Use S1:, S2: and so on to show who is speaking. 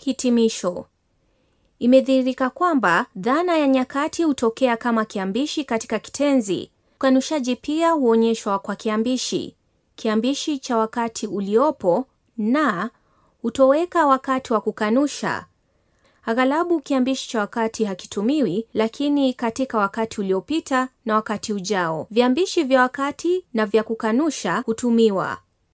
S1: Hitimisho. Imedhihirika kwamba dhana ya nyakati hutokea kama kiambishi katika kitenzi. Ukanushaji pia huonyeshwa kwa kiambishi, kiambishi cha wakati uliopo na hutoweka wakati wa kukanusha. Aghalabu kiambishi cha wakati hakitumiwi, lakini katika wakati uliopita na wakati ujao, viambishi vya wakati na vya kukanusha
S2: hutumiwa.